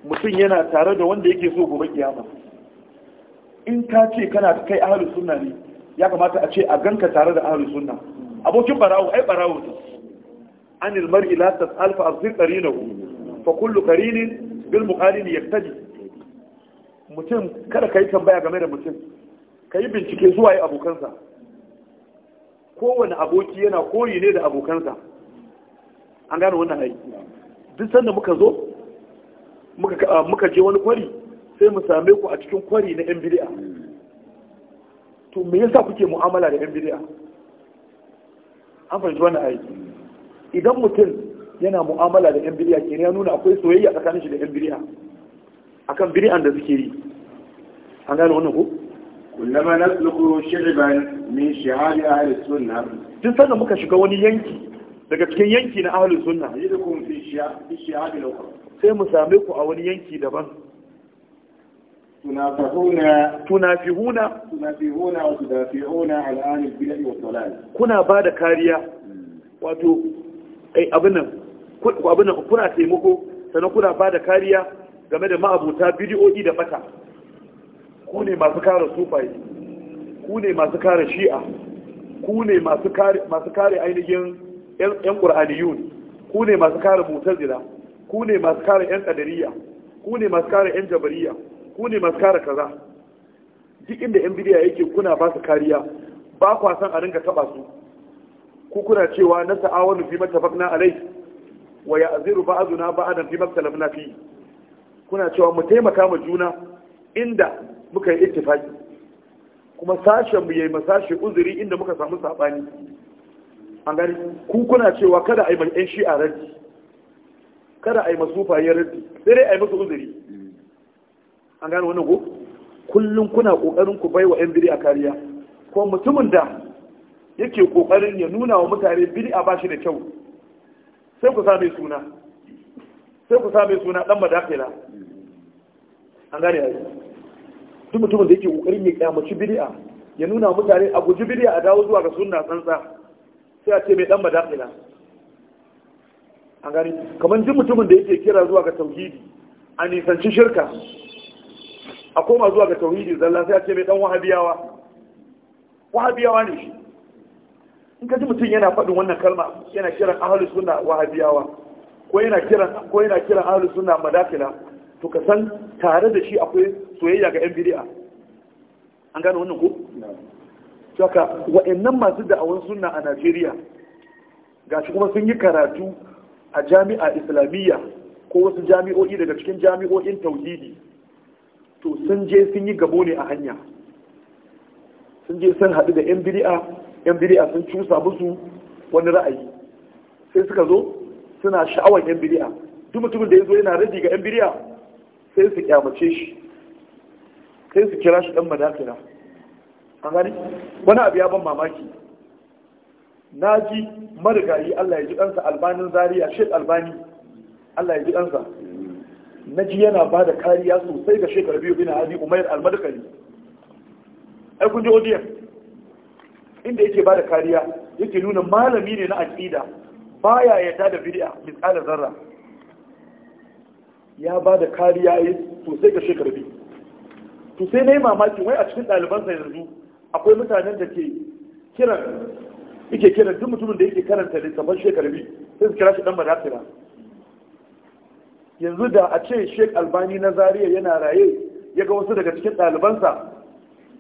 mutum yana tare da wanda yake so gobe kiyama in ka ce kana kai ahlus suna ne ya kamata a ce a ganka tare da ahlus suna abokin barawo ai barawo ne anil mar'i Alfa tas'al fa na hu, fa kullu qarinin bil ya yaktaji mutum kada ka yi tambaya game da mutum Ka yi bincike zuwa yi abokansa kowane aboki yana koyi ne da abokansa an gane wannan hari duk sanda muka zo muka je wani kwari sai mu same ku a cikin kwari na yan bidiya to me yasa kuke mu'amala da yan bidiya an fahimci wannan hari idan mutum yana mu'amala da yan bidiya kenan ya nuna akwai soyayya tsakanin shi da yan bidiya akan bidiyan da suke yi an gane wannan ko kullama nasluku shi'ban min a ahli sunna tun sanda muka shiga wani yanki daga cikin yanki na ahli sunna yidukum fi shi'abi al sai mu same ku a wani yanki daban tunafihuna tunafihuna tunafihuna wa tudafi'una an ahli wa salal kuna bada kariya wato ai abinan abinan kuna taimako sannan kuna bada kariya game da ma'abuta bidiyoyi da fata? ku ne masu kare sufai ku ne masu kare shi'a ku ne masu kare ainihin 'yan ƙur'aniyun ku ne masu kare mutazila ku ne masu kare 'yan ƙadariya ku ne masu kare 'yan jabariya ku ne masu kare kaza duk inda 'yan bidiya yake kuna ba su kariya ba kwasan san a ringa taɓa su ku kuna cewa na sa'awanu fi na alai wa ya aziru ba ba'adan fi maktalafna fi kuna cewa mu taimaka ma juna inda muka yi ittifaki kuma sashen mu yayi masashe uzuri inda muka samu sabani an gani ku kuna cewa kada a yi mai shi shi'a raddi kada a yi masu ya raddi sai dai a yi musu uzuri an gani wannan go? kullum kuna kokarin ku bai wa yan biri a kariya ko mutumin da yake kokarin ya nuna wa mutane biri a bashi da kyau sai ku same suna sai ku same suna dan madafila an gane yanzu duk mutumin da yake kokarin ya kyamaci bid'a ya nuna mutane a guji bid'a a dawo zuwa ga sunna tsantsa sai a ce mai dan madakila an gani kamar duk mutumin da yake kira zuwa ga tauhidi a nisanci shirka a koma zuwa ga tauhidi zalla sai a ce mai dan wahabiyawa wahabiyawa ne shi in ka ji mutum yana faɗin wannan kalma yana kiran ahlus sunna wahabiyawa ko yana kiran ko yana kiran ahlus sunna madakila to ka san tare da shi akwai soyayya ga 'yan biri'a. an gane wannan ko saka wa'annan masu da'awan suna a Najeriya shi kuma sun yi karatu a jami'a islamiyya ko wasu jami'o'i daga cikin jami'o'in tauhidi to sun je sun yi gabo ne a hanya sun je sun haɗu da 'yan biri'a, 'yan biri'a sun cusa musu wani ra'ayi sai suka zo suna sha'awar 'yan biri'a. duk mutumin da ya zo yana rabi ga 'yan biri'a? sai su kyamace shi sai su kira shi dan madakira an gani wani abu ya ban mamaki na ji marigayi Allah ya ji ɗansa albanin zaria shek albani Allah ya ji ɗansa na ji yana ba da kariya sosai ga shekaru biyu bin hadi Umar, almadakari ai kun ji odiyar inda yake ba da kariya yake nuna malami ne na aƙida baya yadda da bid'a misalar zarra ya ba da kariya ya to sai ga shekar bi to sai na yi mamaki wai a cikin sa yanzu akwai mutanen da ke kiran yake kiran duk mutumin da yake karanta littafan shekar bi sai su kira shi dan madafira yanzu da a ce shek albani na zariya yana raye ya ga wasu daga cikin ɗalibansa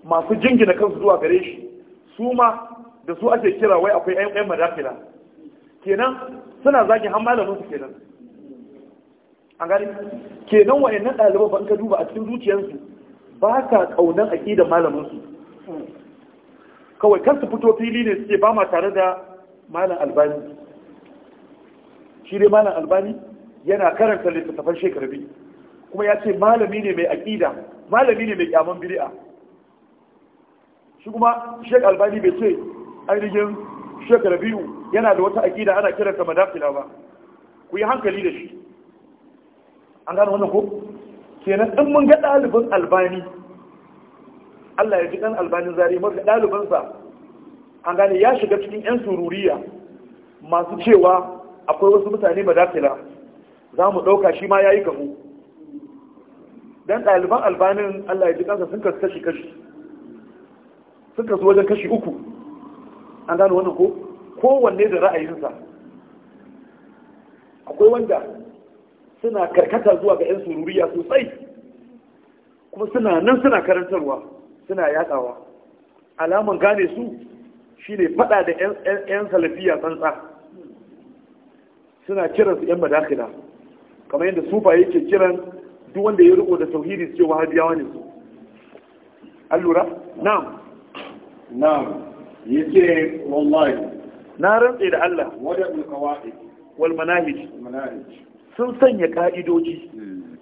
masu jingina kansu zuwa gare shi su ma da su ake kira wai akwai 'yan madafira kenan suna zagin har malamin su kenan an gani kenan wayannan ɗaliban ba ka duba a cikin zuciyarsu ba ka ƙaunar aƙidar malaminsu kawai kan su fito fili ne suke ba ma tare da malam albani shi dai malam albani yana karanta littattafan shekarbi kuma ya ce malami ne mai aƙida malami ne mai ƙyaman biri'a. shi kuma shek albani bai ce ainihin shekaru biyu yana da wata aƙida ana kiranta madafila ba ku yi hankali da shi an gano wannan ko kenan in mun ga dalibin albani Allah ya ji ɗan albanin zari mun ga sa an gane ya shiga cikin 'yan sururiya masu cewa akwai wasu mutane dakila za mu ɗauka shi ma ya yi dan don ɗaliban albanin Allah ya ji kansa sun kasu kashi kashi sun kasu wajen kashi uku an gano wannan ko kowanne da ra'ayinsa akwai wanda suna karkata zuwa ga 'yan sururiya sosai kuma suna nan suna karantarwa suna yatsawa alaman gane su shine fada da 'yan salafiya tsantsa suna kiran su 'yan madakila kamar yadda sufa yake kiran duk wanda ya riko da tauhidi su ce wahabiyawa ne su Allura, na. na'am na'am yace wallahi na rantse da Allah wada ulqawaid wal manahij manahij sun sanya ka'idoji hmm.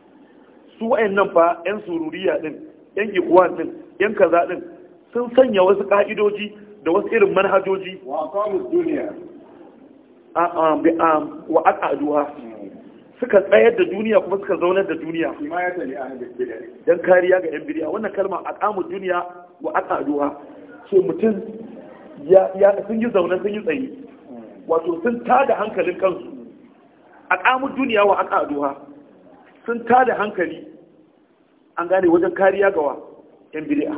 su wayannan fa yan sururiya din yan ikuwan din yan kaza din sun sanya wasu ka'idoji da wasu irin manhajoji wa aqamu duniya a bi am wa aqaduha suka tsayar da duniya kuma suka zaunar da duniya don kariya ga yan bidiya wannan kalma ƙamun duniya wa aqaduha ce mutum ya sun yi zaune sun yi tsaye hmm. wato sun tada hankalin kansu aqamud duniya wa aqaduha sun tada hankali an gane wajen kariya gawa yan bid'a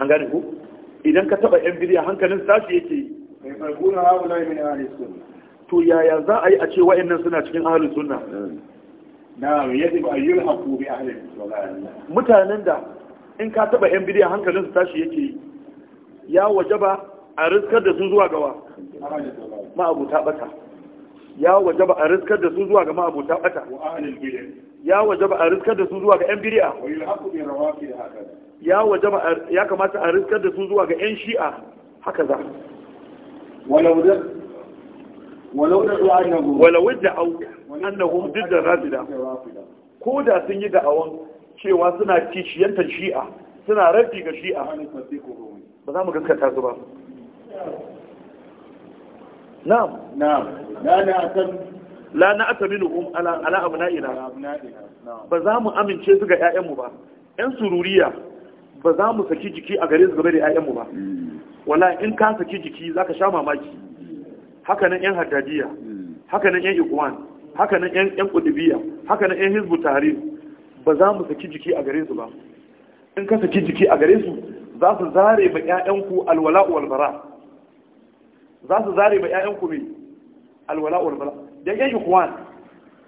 an gane ku idan ka taba yan bid'a hankalin tashi yake yafalquna haula min ahli sunna to yaya za a yi a ce nan suna cikin ahli sunna na'am yajibu an yulhaqu bi ahli sunna mutanen da in ka taba yan bid'a hankalin su tashi yake ya wajaba a riskar da su zuwa gawa ma'abuta bata ya wajaba a riskar da su zuwa ga ma'abuta bata ya wajaba a riskar da su zuwa ga yan biriya? ya wajaba ya kamata a riskar da su zuwa ga yan shi'a haka za walau da walau da annahum diddan rafida ko da sun yi da'awan cewa suna kishiyantar shi'a suna rafi ga shi'a ba za mu gaskata su ba na'am na'am la na la na ataminuhum ala abu abna'ina ba za mu amince su ga 'ya'yanmu ba Yan sururiya ba za mu saki jiki a gare su game da 'ya'yanmu ba wala in ka saki jiki za ka sha mamaki haka nan ƴan haddadiya haka nan ƴan ikwan haka nan ƴan ƴan kudubiya haka nan ƴan hizbu tahrir ba za mu saki jiki a gare su ba in ka saki jiki a gare su za su zare ma 'ya'yanku alwala wal bara za su zare ba 'ya'yanku mai alwala wal bala dan yan kuwan,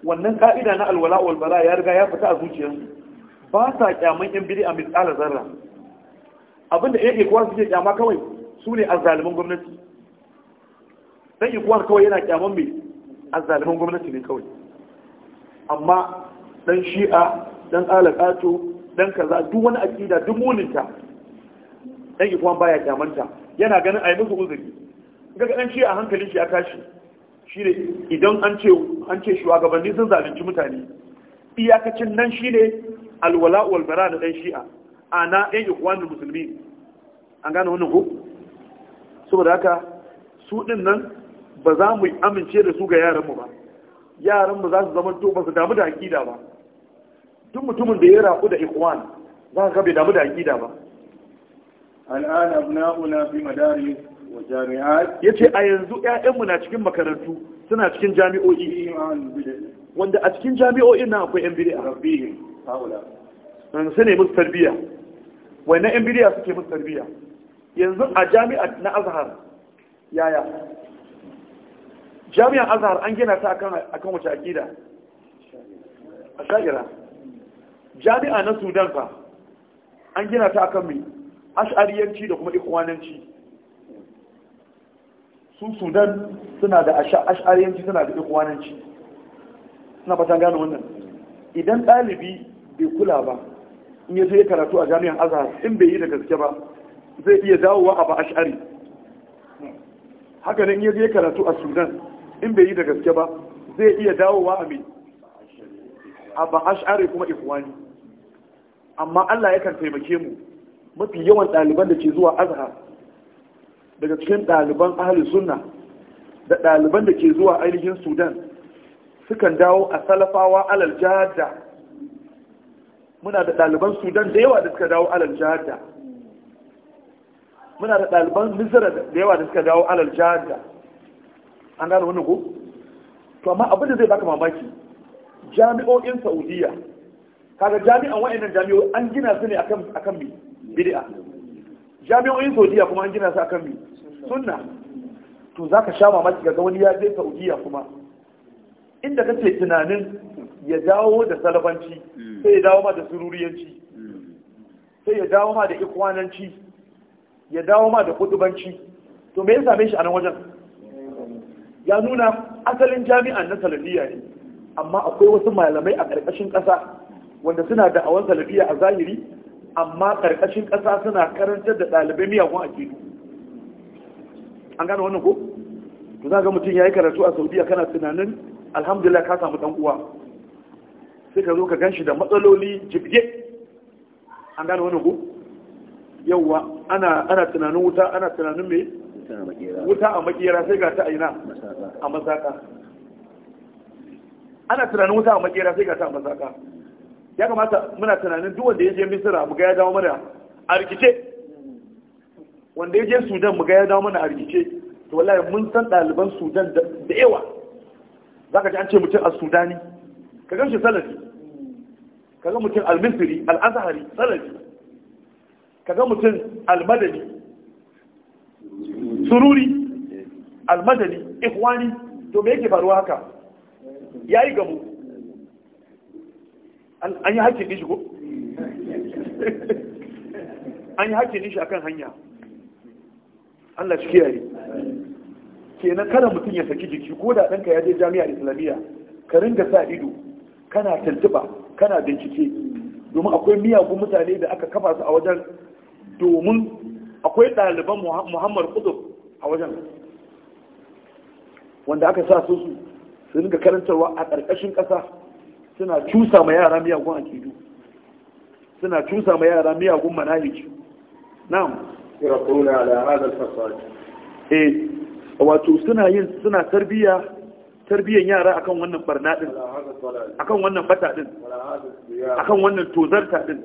wannan ka'ida na alwala wal bala ya riga ya fita a zuciyarsu ba sa kyaman yan biri a misala zarra abinda yan ikhwan suke kyama kawai su ne azzalimin gwamnati dan kuwan kawai yana kyaman mai azzalimin gwamnati ne kawai amma dan shi'a dan alaƙato dan kaza duk wani akida duk mulinta dan kuwan baya kyamanta yana ganin ayi musu uzuri gaga an shi a hankali shi ya tashi ne idan an ce an ce shugabanni sun zalunci mutane iyakacin nan ne alwala wal bara da dan shi'a ana ɗan ikwanin musulmi an gane wannan ko saboda haka su din nan ba za mu amince da su ga yaranmu ba yaranmu za su zama to ba su damu da aƙida ba duk mutumin da ya raku da ikwan za ka bai damu da aƙida ba al'ana abna'una fi madaris ya ce a yanzu 'ya'yanmu na cikin makarantu suna cikin jami'o'i wanda a cikin jami'o'in na akwai 'yan bidiya su ne musu tarbiyya wannan 'yan bidiya suke musu tarbiyya yanzu a jami'a na azhar yaya jami'an azhar an gina ta kan wace akida a shagira jami'a na sudan fa an gina ta a kan mai ash'ariyanci da kuma ikwananci su sudan suna da ash'ariyanci suna da ikwananci suna fatan gane wannan idan ɗalibi bai kula ba in ya je karatu a jami'an azhar in bai yi da gaske ba zai iya dawowa a ba ash'ari haka nan ya je karatu a sudan in bai yi da gaske ba zai iya dawowa a mai a ba ash'ari kuma ikwani amma allah yakan taimake mu mafi yawan ɗaliban da ke zuwa azhar daga cikin ɗaliban ahalin suna da ɗaliban da ke zuwa ainihin sudan sukan dawo a salafawa alal jihadda muna da ɗaliban sudan da yawa da suka dawo alal jihadda muna da ɗaliban misira da yawa da suka dawo alal jihadda an gano wani ko? to amma abin da zai baka mamaki jami'o'in saudiya kaga jami'an wa'annan jami'o'in an gina su ne akan akan bid'a jami'o'in saudiya kuma an gina su akan mi sunna to za ka sha mamaki ga wani ya je saudiya kuma inda ka ce tunanin ya dawo da salabanci, hmm. sai ya dawo ma da sururiyanci hmm. sai ya dawo ma da ikwananci ya dawo ma da kudubanci to me ya same shi a nan wajen ya nuna asalin jami'an na salafiya ne amma akwai wasu malamai a ƙarƙashin ƙasa wanda suna da awon salafiya a zahiri amma ƙarƙashin ƙasa suna karanta da ɗalibai miyagun akidu an gane wannan ko to za ga mutum ya yi karatu a saudiya kana tunanin alhamdulillah ka samu ɗan uwa sai ka zo ka gan shi da matsaloli jibge an gane wannan ko yauwa ana tunanin wuta ana tunanin mai wuta a makera sai ga ta aina a masaka ana tunanin wuta a makera sai ga ta a masaka ya kamata muna tunanin duk wanda ya je misira mu ga ya dawo mana a rikice wanda ya je sudan mu ga ya dawo mana a rikice to wallahi mun san ɗaliban sudan da yawa za ka ji an ce mutum a sudani ka gan shi salafi ka ga mutum al-misri al-azhari salafi ka ga mutum al-madani sururi al-madani ikhwani to me yake faruwa haka yayi gamu an yi hakkin shi ko an yi hakkin shi akan hanya Allah shi kiyaye kenan kada mutum ya saki jiki ko da ɗanka ya je jami'a da islamiyya ka ringa sa ido kana tuntuɓa kana bincike domin akwai miyagun mutane da aka kafa su a wajen domin akwai ɗaliban muhammad Kudu a wajen wanda aka sa su su ringa karantarwa a ƙarƙashin ƙasa suna cusa ma yara miyagun akidu suna cusa ma yara miyagun manhaj na'am yaquluna ala hada al eh wato suna yin suna tarbiya tarbiyan yara akan wannan barna din akan wannan bata din akan wannan tozarta din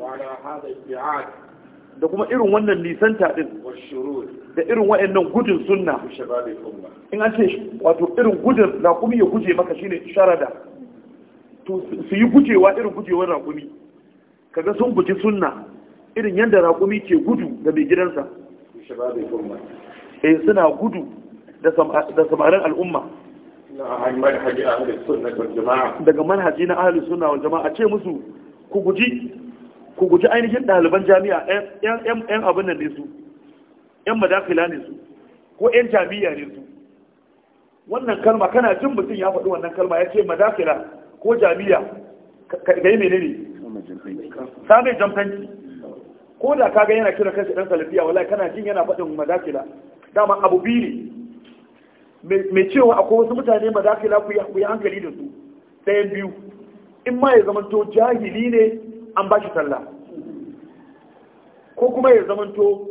da kuma irin wannan nisanta din da irin wa'annan gudun sunna in an ce wato irin gudun na kuma ya guje maka shine sharada su yi gujewa irin gujewar raƙumi kaga sun guji sunna irin yadda raƙumi ke gudu da mai gidansa eh suna gudu da samarin al'umma daga manhaji na ahli sunna wa jama'a ce musu ku guji ku guji ainihin ɗaliban jami'a yan abin nan ne su yan madafila ne su ko yan jami'a ne su wannan kalma kana jin mutum ya faɗi wannan kalma ya ce madafila. ko jami'a ka yi menene ka jamfanci ko da ka ga yana kira kansa dan salafiya wallahi kana jin yana faɗin madakila dama abu biyu ne mai cewa akwai wasu mutane madakila ku yi hankali da su ɗayan biyu in ma ya zamanto jahili ne an ba shi sallah ko kuma ya zamanto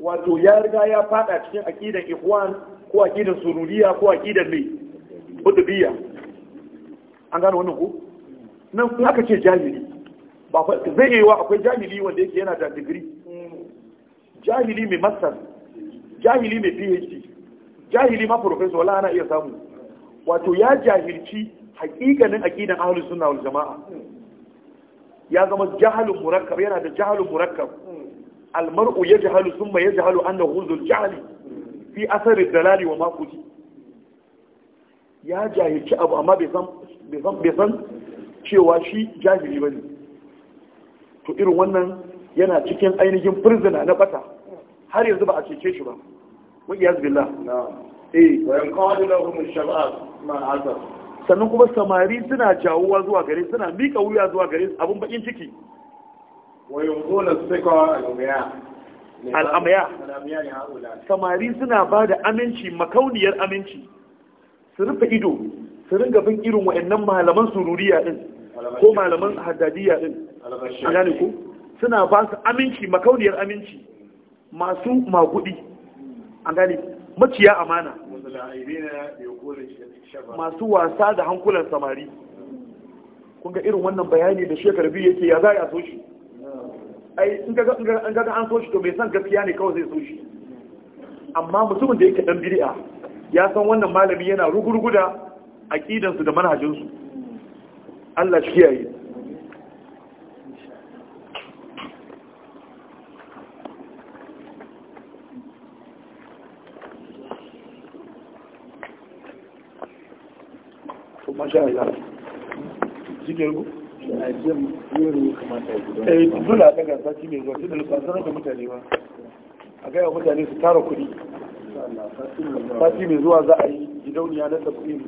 wato ya riga ya faɗa cikin aƙidan ikhwan ko aƙidan sururiya ko aƙidan mai hudubiyya an gano wannan ko nan in aka ce jahili ba zai yi wa akwai jahili wanda yake yana da digiri jahili mai master jahili mai phd jahili ma professor wala ana iya samu wato ya jahilci hakikanin aqidan ahlus sunna wal jamaa ya zama jahalu murakkab yana da jahalu murakkab al mar'u yajhalu thumma yajhalu annahu dhul jahli fi athar dalali wa maquti ya jahilci abu amma bai san cewa shi jahili ba ne to irin wannan yana cikin ainihin firzina na bata har yanzu ba a cece shi ba wa'iyaz billah eh wayan ma sannan kuma samari suna jawuwa zuwa gare suna mika wuya zuwa gare abin bakin ciki wayan samari suna ba da aminci makauniyar aminci su rufe ido su ringa bin irin wa'annan malaman sururiya din ko malaman haddadiya din a gane ko suna ba su aminci makauniyar aminci masu magudi a gane maciya amana masu wasa da hankulan samari kun ga irin wannan bayani da shekar biyu yake ya za a so shi ai in ga an so to mai san gaskiya ne kawai zai so amma mutumin da yake dan biri'a. ya san wannan malami yana rugurguda aqidansu da manhajinsu Allah kiyaye cikin eh, a eh sati mai da mutane ba a mutane su tara kuɗi sati mai zuwa za a yi gidauniya na tafsiri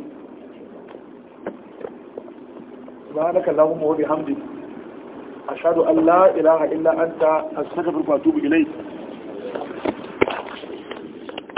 subhanaka allahumma wa hamdi. A shaɗu Allah ilaha illa anta astaghfiruka wa atubu ilayk